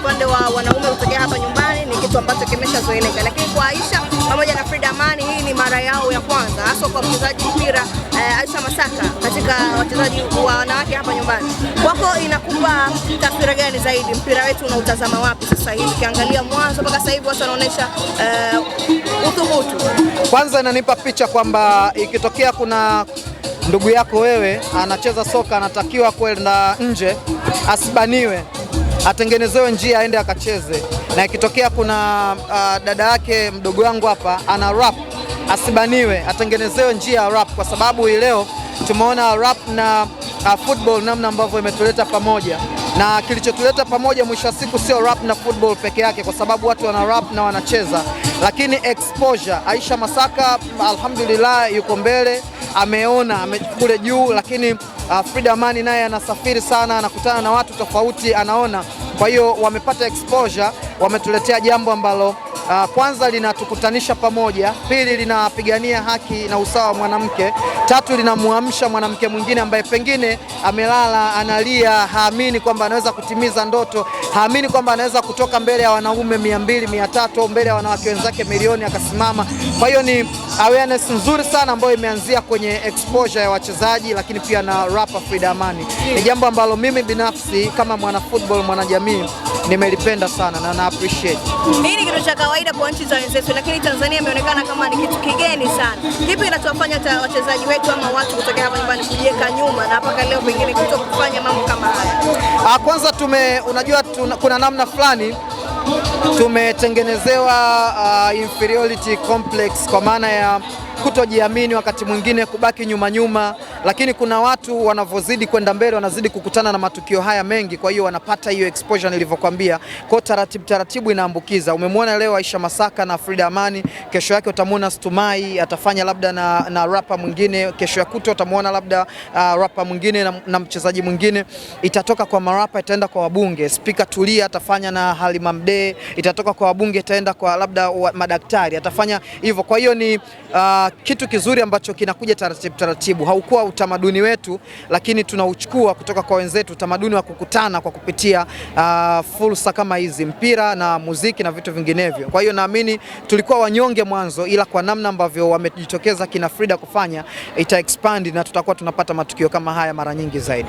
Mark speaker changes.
Speaker 1: upande wa wanaume kutokea hapa nyumbani ni kitu ambacho kimeshazoeleka, lakini kwa Aisha pamoja na Frida Amani hii ni mara yao ya kwanza, hasa kwa mchezaji mpira eh, Aisha Masaka katika wachezaji wa wanawake hapa nyumbani. Kwako inakupa taswira gani zaidi, mpira wetu unautazama wapi sasa hivi? Ukiangalia mwanzo mpaka sasa hivi watu wanaonyesha eh, uthubutu.
Speaker 2: Kwanza inanipa picha kwamba ikitokea kuna ndugu yako wewe anacheza soka anatakiwa kwenda nje asibaniwe atengenezewe njia aende akacheze, na ikitokea kuna uh, dada yake mdogo wangu hapa ana rap asibaniwe, atengenezewe njia ya rap, kwa sababu hii leo tumeona rap na uh, football namna ambavyo imetuleta pamoja na kilichotuleta pamoja mwisho wa siku sio rap na football peke yake, kwa sababu watu wana rap na wanacheza, lakini exposure. Aisha Masaka alhamdulillah yuko mbele ameona ame kule juu, lakini uh, ah, Frida Amani naye anasafiri sana, anakutana na watu tofauti, anaona. Kwa hiyo wamepata exposure, wametuletea jambo ambalo Ah, kwanza linatukutanisha pamoja, pili linapigania haki na usawa wa mwanamke, tatu linamwamsha mwanamke mwingine ambaye pengine amelala analia, haamini kwamba anaweza kutimiza ndoto, haamini kwamba anaweza kutoka mbele ya wanaume mia mbili mia tatu mbele ya wanawake wenzake milioni akasimama. Kwa hiyo ni awareness nzuri sana ambayo imeanzia kwenye exposure ya wachezaji, lakini pia na rapa Frida Amani. Ni jambo ambalo mimi binafsi kama mwana football mwanajamii nimelipenda sana na na appreciate
Speaker 1: cha kawaida kwa nchi za wenzetu, lakini Tanzania imeonekana kama ni kitu kigeni sana. Kipi kinachowafanya wachezaji wetu ama watu kutokea hapa nyumbani kujieka nyuma na mpaka leo pengine kuto kufanya mambo kama haya?
Speaker 2: Ah, kwanza tume, unajua tuna, kuna namna fulani tumetengenezewa uh, inferiority complex kwa maana ya kutojiamini, wakati mwingine kubaki nyuma nyuma lakini kuna watu wanavyozidi kwenda mbele wanazidi kukutana na matukio haya mengi, kwa hiyo wanapata hiyo exposure nilivyokuambia. Kwa taratibu taratibu inaambukiza. Umemwona leo Aisha Masaka na Frida Amani, kesho yake utamwona Stumai atafanya labda na, na rapa mwingine, kesho ya kuto utamwona labda uh, rapa mwingine na, na mchezaji mwingine. Itatoka kwa marapa itaenda kwa wabunge. Spika Tulia atafanya na Halima Mdee, itatoka kwa wabunge itaenda kwa labda wa, madaktari atafanya hivyo. Kwa hiyo ni uh, kitu kizuri ambacho kinakuja taratibu taratibu, haukuwa utamaduni wetu, lakini tunauchukua kutoka kwa wenzetu, utamaduni wa kukutana kwa kupitia uh, fursa kama hizi, mpira na muziki na vitu vinginevyo. Kwa hiyo naamini tulikuwa wanyonge mwanzo, ila kwa namna ambavyo wamejitokeza kina Frida kufanya ita expand na tutakuwa tunapata matukio kama haya mara nyingi zaidi.